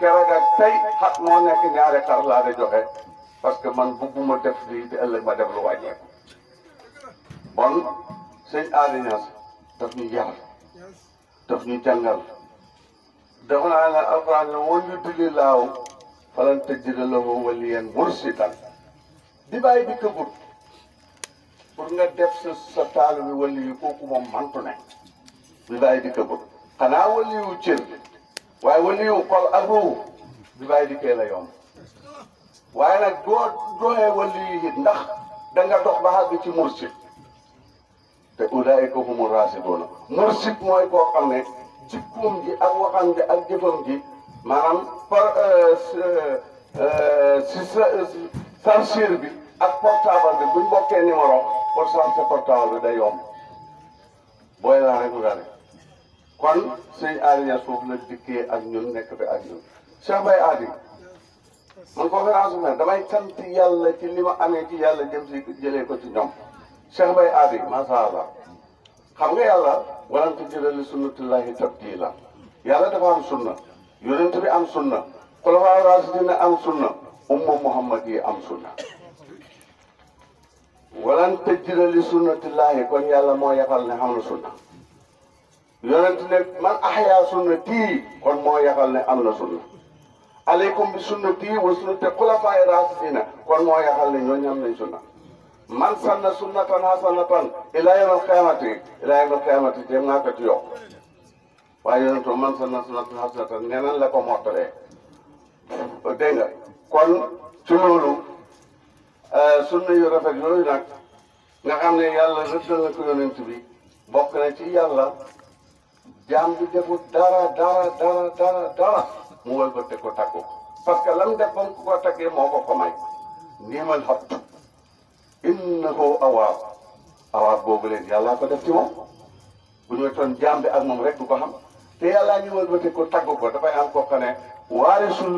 keroog ak tey moo nekk ñaari xar laa di joxe parce que man bugguma def lii di ëllëg ma def lu wàññeeku bon sëñ Aliou daf ñu yar daf ñu jàngal dafa naa ne alxuraan ne woon ñu duli laaw falan tajida lahu waliyan mursidan di bàyyi di këbut pour nga def sa taal bi wali yi kooku moom mantu ne di bàyyi di këbut xanaa wali yu cër waaye wu niw xol ak ruw bi bàyyi dikkee la yomb waaye nag boo doxee wali yi ndax da nga dox ba àgg ci mursid te ulaayika humu raasiduuna mursid mooy koo xam ne ci kuum ji ak waxam ji ak ji maanaam par euh, euh, si censure bi ak portable bi buñ bokkee numéro pour changer portable bi day booy laa rek mu kon sëñ Aly Niass la dikkee ak ñun nekk fi ak ñun Cheikh Baye Aly man conférence bi nag damay sant yàlla ci ni ma amee ci yàlla jëm jëlee ko ci ñoom Cheikh Baye Aly masha nga yàlla walan ko jëlali sunnatullahi tabdila yàlla dafa am sunna yonent bi am sunna xulafaa rasidina am sunna umma muhammad yi am sunna walan tajida li sunnatillahi kon yàlla moo yafal ne xam na sunna yonent ne man ahyaa sunnatii kon moo yaxal ne am na sunna aleykum bi sunnatii wa sunnati xulafaa'i raasidiina kon moo yaxal ne ñooñu am nañ sunna man sanna sunnatan hasanatan ilaa yawmil qiyaamati ilaa yawmil qiyaamati jéem naa ko ci yokk man sanna sunnatan ne neneen la ko mottalee dégg nga kon ci euh, sunna yu rafet yooyu nag nga xam ne yàlla rëddal na ko yonent bi bokk na ci yàlla jaam bi deful dara dara dara dara dara mu wëlbate ko takku parce que lan def ba ko taggee moo ko ko may niimal xat innahu awaab awaab boobu leen yàllaa ko def ci moom bu ñu toon jaam bi ak moom rek du ko xam te yàllaa ñu wëlbate ko taggu ko dafay am koo xam ne waarisul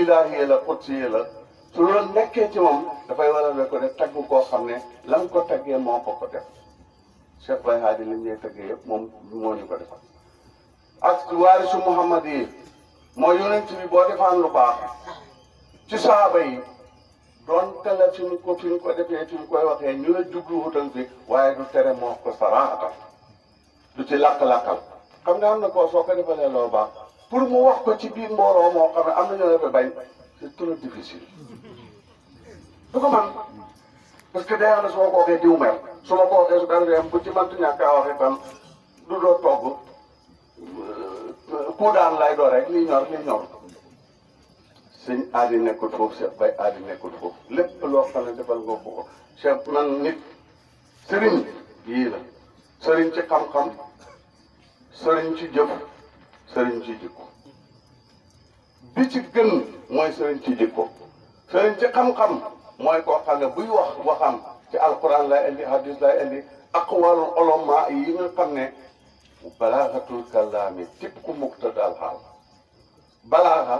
ilaahi la qudsi la su loolu nekkee ci moom dafay waral ko ne tagg koo xam ne lam ko taggee moo ko ko def Cheikh Baye Hadi li taggee yëpp moom moo ñu ko defal ak waarisu muhammad yi mooy yonent bi boo defaan lu baax ci saaba yi doon tala fi ko fi ko defee fi ñu koy waxee ñu la jublu wutal fi waaye du tere moo ko saraata du ci lakk-lakkal xam nga am na ko soo ko defalee loolu baax pour mu wax ko ci biir mbooloo moo xam ne am na ñoo defe bañ c'est trop difficile ko man parce que day am na su ma ko waxee diw mer su ma koo waxee su daan bu ci mantu ñàkk a waxee tam du doo togg puudar lay doon rek li ñor li ñor suñ aadi nekkul foofu Cheikh Baye aadi nekkul foofu lépp loo xam ne defal nga ko Cheikh nit sëriñ yii la sëriñ ci xam-xam sëriñ ci jëf sëriñ ci jikko bi ci gën mooy sëriñ ci jikko sëriñ ci xam-xam mooy koo xam ne buy wax waxam ci alquran lay indi hadis lay indi aqwalul ulama yi nga xam ne balaghatul kalaami tibku muqtadal xaal balaaxa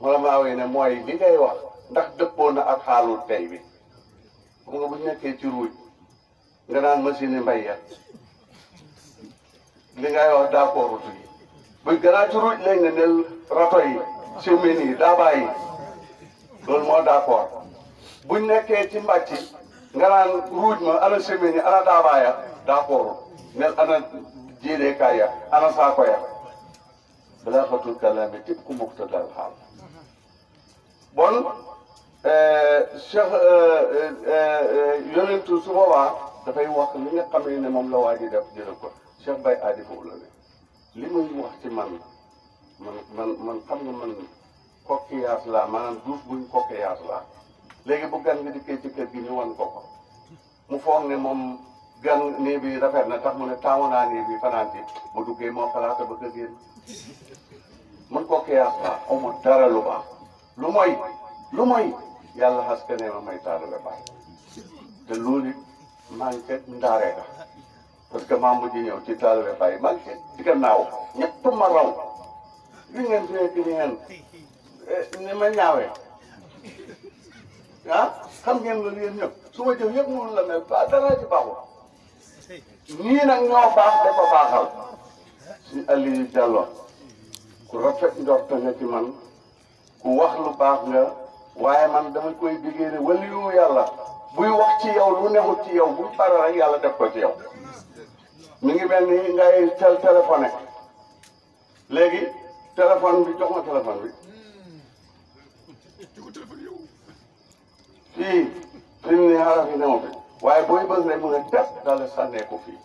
ulamaa yi ne mooy li ngay wax ndax dëppoo na ak xaalul tey bi xam nga bu nekkee ci ruuj nga naan machine yi mbay ya li ngay wax daa koorutu yi buy gënaa ci ruuj lañ nga nel rato yi chemin yi daabaa yi loolu moo d'accord buñ nekkee ci mbàcc nga naan ruuj ma ana chemin yi ana daabaaya d'accord mel ana jiile kaya ana saakoya balaaxatul kalaami tib ku muqtadal xaal bon eh, cheikh eh, eh, yonentu su boobaa dafay wax li nga xam ne moom la waa ji def jële ko cheikh bay aadi foofu la ne li muy wax ci man man man man xam man kokkiyaas duuf buñ kokkiyaas laa léegi bu gan nga dikkee ci kër gi ñu wan ko ko mu foog ne moom gan néeg bi rafet na tax mu ne taamu naa néeg bi fanaan bi mu duggee moo xalaata ba kër génn man koo kiyaas dara lu baax lu mooy lu mooy yàlla xas ka ne ma may taalibe Baay te loolu it maa ngi fekk ndaaree la parce que maa mujj ñëw ci taalibe Baay maa ngi fekk ci gannaaw ma raw li ngeen fekk ni ngeen eh, ni ma ñaawee ah xam ngeen loolu yéen ñëpp su ma jëf yëpp la mel ba dara ci baaxul ñii nag ñoo baax dafa baaxal si Aliou Diallo ku rafet njort nga ci man ku wax lu baax nga waaye man dama koy diggee ne waliyu yàlla buy wax ci yow lu neexut ci yow bu pare rek yàlla def ko ci yow mi ngi mel ni ngay tel téléphoné léegi téléphone bi jox ma téléphone bi fii fi mu ne xaaral waaye booy bës rek mu ne teg daal di sànnee ko fii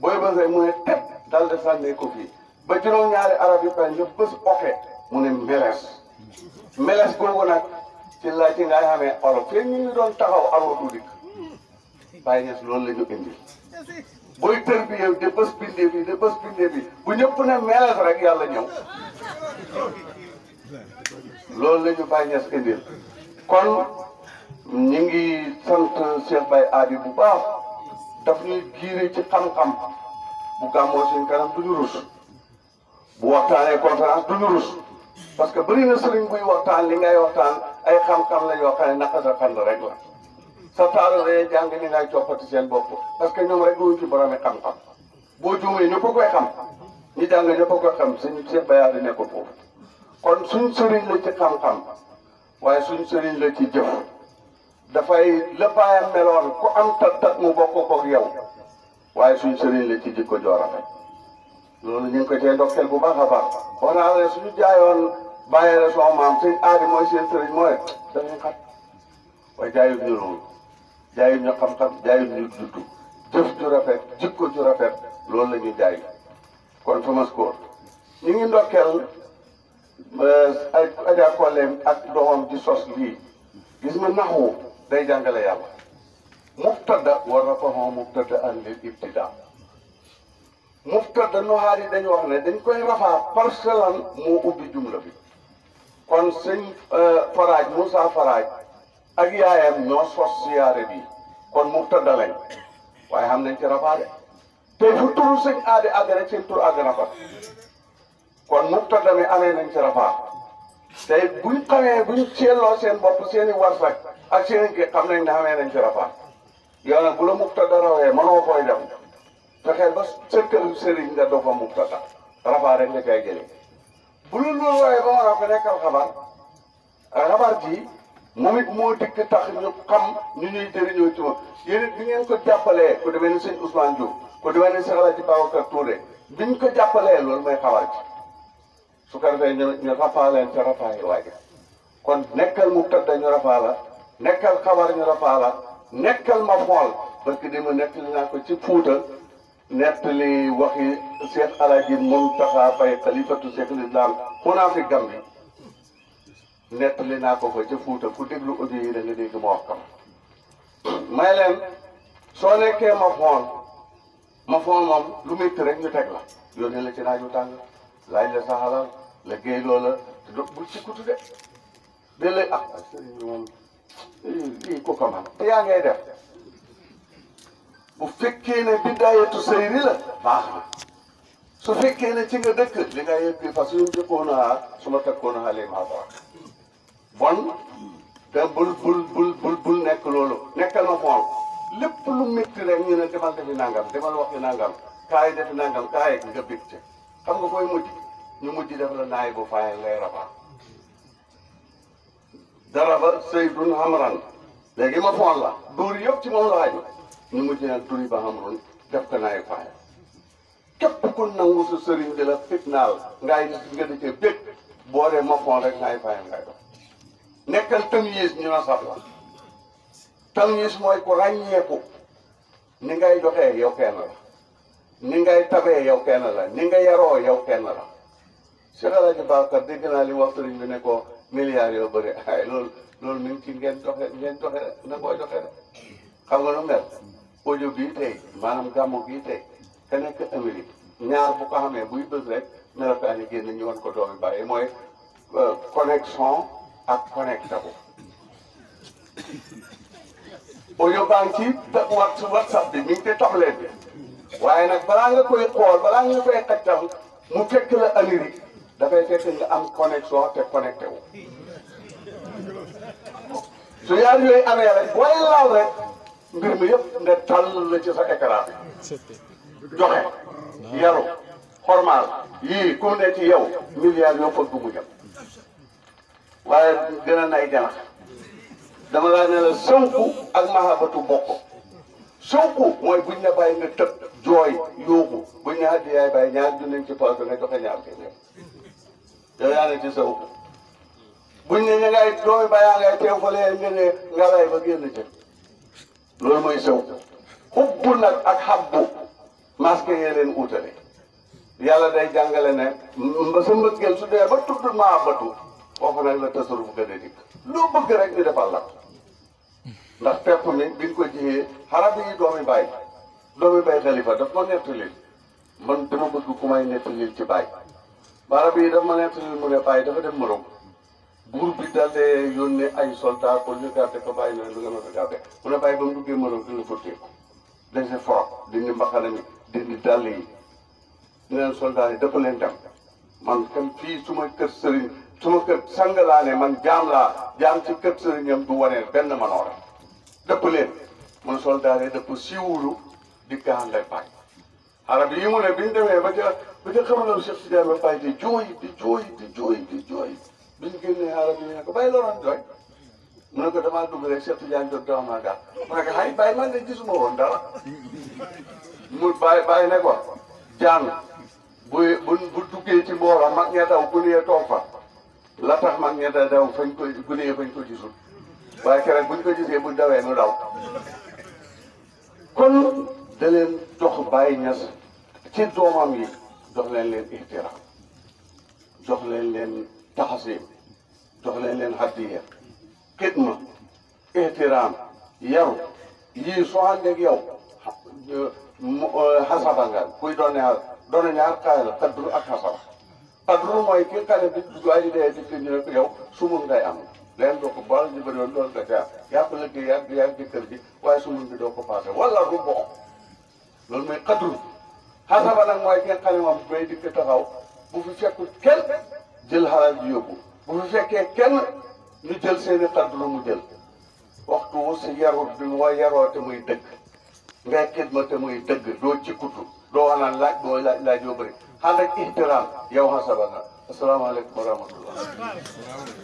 booy bës mu ne teg ko fii ba juróom-ñaari arab yi pare nga oke mu ne mbeles mbeles googu nag ci la ci ngay xamee olof fii ñu ngi doon taxaw arootu dikk bàyyi ñes loolu la ñu indi booy tër bi yow de bës bindee bi de bës bu ñëpp ne mbeles rek yàlla ñëw loolu la ñu bàyyi ñes indil kon. ñu ngi sant Cheikh Baye Adi bu baax daf ñuy giire ci xam-xam bu gàmmoo suñ kanam duñu rus bu waxtaanee conférence duñu rus parce que bëri na sëriñ buy waxtaan li ngay waxtaan ay xam-xam la yoo xam ne naka sa fànn rek la sa taal rek jàng ni ngay coppati seen bopp parce que ñoom rek ñu ci boromi xam-xam boo juumee ñu ko koy xam ñi jàng ñëpp ko koy xam suñu Cheikh Baye Adi nekkul foofu kon suñ sëriñ ci xam-xam waaye suñ sëriñ la ci jëf. dafay lëppaayam meloon ku am tat mu bokk koog yow waaye suñ sëriñ la ci jikko joo rafet loolu ñu ngi koy tey bu baax a baax wax naa suñu jaayoon bàyyee la soo maam sëñ aadi mooy seen sëriñ mooy dañuy xat waaye jaayut ñu loolu jaayut ñu xam-xam jaayut ñu juddu jëf ju rafet jikko ju rafet loolu la ñuy jaay kon Thomas Koor ñu ngi ndokkeel euh, ay aja ak doxam di sos lii gis nga naxu day jàngale yàlla mubtada war na ko moom mubtada an lil ibtida mubtada yi dañ wax ne dañ koy rafaa parce que lan moo ubbi jumla bi kon sëñ euh, faraaj Moussa faraaj ak yaayam ñoo sos siyaare bi kon mubtada lañ waaye xam nañ ci rafaa de tey fu turu sëñ aadi àgg rek seen tur àgg na kon mubtada mi amee nañ ci rafaa tey buñ xamee buñ seetloo seen bopp seeni warsak ak seen kii xam nañ ne xamee nañ ci rafaat yow nag bu la mubtada rawee mënoo koy dem fexeel ba sa kër sëriñ nga dofa mubtada rafaat rek nga cay jëlee bu la loolu waaye ba ma nekkal xabaar ah, xabaar ji moom it moo dikk tax ñu xam ñu ñuy jëriñoo ci moom yéen it bi ngeen ko jàppalee ku demee ni sëñ Ousmane Diouf ku demee ni Cheikh Alaaji Babacar Touré biñ ko jàppalee loolu mooy xabaar ji su ko defee ñu ñu rafaa yi waaje kon nekkal mubtada ñu rafaa la nekkal xabar ñu rafaala nekkal ma xool parce que dama nettali naa ko ci Fuuta nettali waxi Cheikh Alaaji Muntaxa Fay xalifatu Cheikh Lislaam xunaa fi Gambi nettali naa ko ko ci Fuuta ku déglu audio yi da nga dégg ma wax kam may leen soo nekkee ma xool ma xool lu métti rek ñu teg la yónnee la ci naaj wu tàng laaj la sa xalal la géy loola te bu ci de da lay ah lii ko ko man yaa ngay def bu fekkee ne bidaayatu seyri la baax na su fekkee ne ci nga dëkk li nga yëppi fas yu njëkkoon a su ma takkoon a xale maa ko bon bul bul bul bul nekk loolu nekkal ma xool lépp lu métti rek ñu ne demal defi nangam demal waxi nangam kaay defi nangam kaay nga bég ca xam nga koy mujj ñu mujj def la naay bu faay ngay rabaa daraba Seydun Amran léegi ma foon la duur yëpp ci moom la aju ñu mujj naan duri ba Amrun def ko naay faaya képp ku nangu sa sëriñ di la fitnaal ngay nga di ca bég boo dee ma foon rek naay faaya ngay dox nekkal tam yiis ñu na la tam yiis mooy ku ràññeeku ni ngay joxee yow kenn la ni ngay tabee yow kenn la ni nga yaroo yow kenn la si xalaat ji baax dégg naa li wax sëriñ bi ne ko milliards yoo bëri ay loolu loolu mi ngi ci ngeen doxe ngeen doxe rek na koy doxe rek xam nga lu mel audio bii tey maanaam gàmmu gii tey te nekk Amérique ñaar bu ko xamee buy bës rek melokaan yi génn ñu wan ko doomi bàyyi mooy euh, connexion ak connecté ko audio ci wat whatsapp bi mi ngi te toxleen bi waaye nag balaa nga koy xool balaa nga koy xajtam mu fekk la Amérique dafay fekk nga am connexion te connecté wu yaar yooyu amee rek booy laal rek mbir mi yëpp nga tàll la ci sa écran bi joxe yaru xormaal yii ku ne ci yow yoo fëgg mu jëm waaye gën a nay janax dama laa ne la sënku ak mahabatu bokk sënku mooy buñ ne bàyyi nga tëb jooy yóobu buñ ne àddi yaay bàyyi ñaar dinañ ci paas nga joxe ñaar ke yow yaa ngi ci sa ut buñ ne ña ngay doomi ba yaa ngay teew fa lee nga ne nga lay ba génn ca loolu mooy sew xubbu nag ak xabbu masque yee leen utale yàlla day jàngale ne mba mbëggeel su dee ba tudd maa batu foofu nag la tasaruf gën a dikk loo bëgg rek ñu defal la ndax pepp mi biñ ko jiyee xarab yi doomi bàyyi doomi bàyyi xalifa daf ma nettali man dama bëgg ku may nettali ci bàyyi baara bi dafa ma nettali mu ne bàyyi dafa dem Maroc buur bi daal yoon yónnee ay soldat pour ñu garder ko bàyyi na lu nga ma ko garder mu ne bàyyi ba mu duggee Maroc dina fotteeku dañu for dindi mbaxana mi yi dineen soldat yi dafa leen dem man kam fii su ma kër sëriñ su ma kër sang laa ne man jaam laa jaam ci kër sëriñam du wanee benn manoore dëpp leen mun soldat yi dëpp siiwulu di gaanday bàyyi arab yi mu ne bi demee ba ca bi nga xamaloon Cheikh Tidiane ba Baye jooy di jooy di jooy di jooy bi ñu génnee arab yi ne ko bàyyi loroon jooy mu ne ko damaa dugg rek Cheikh Tidiane jot dama maa gàtt mu ne ko xay bàyyi man de gisuma woon mu bàyyi ne ko jaan bu bu bu duggee ci mbooloo mag ña daw bu nee toog fa la tax mag ña daw fañ koy bu nee fañ ko gisul waaye keroog buñ ko gisee bu dawee nu daw kon da leen jox Baye Niass ci doomam yi jox leen leen ihtiram jox leen leen taxasim jox leen leen haddiya xidma ihtiram yaru yii soo ànd ak yow euh, xasaba nga kuy doone doone ñaar xaala qadru ak xasaba qadru mooy ki xale bi dugg aji dee di ñu ne ko ngay am leen doo ko baal ñu bëri woon loolu nga jaar yàpp liggéey yàgg yàgg kër gi waaye sumul bi doo ko passé wala rubo loolu mooy qadru xasaba nag mooy ki nga xam ne moom day dikk taxaw bu fi fekkul kenn jël xalal ji yóbbu bu fi fekkee kenn ñu jël seeni xar mu jël waxtu wu si yarut bi mooy yaroo te dëgg ngay xidma te dëgg doo ci kutu doo wanaan laaj doo laaj laaj yoo bëri xànd ak ihtiram yow xasaba nga asalaamaaleykum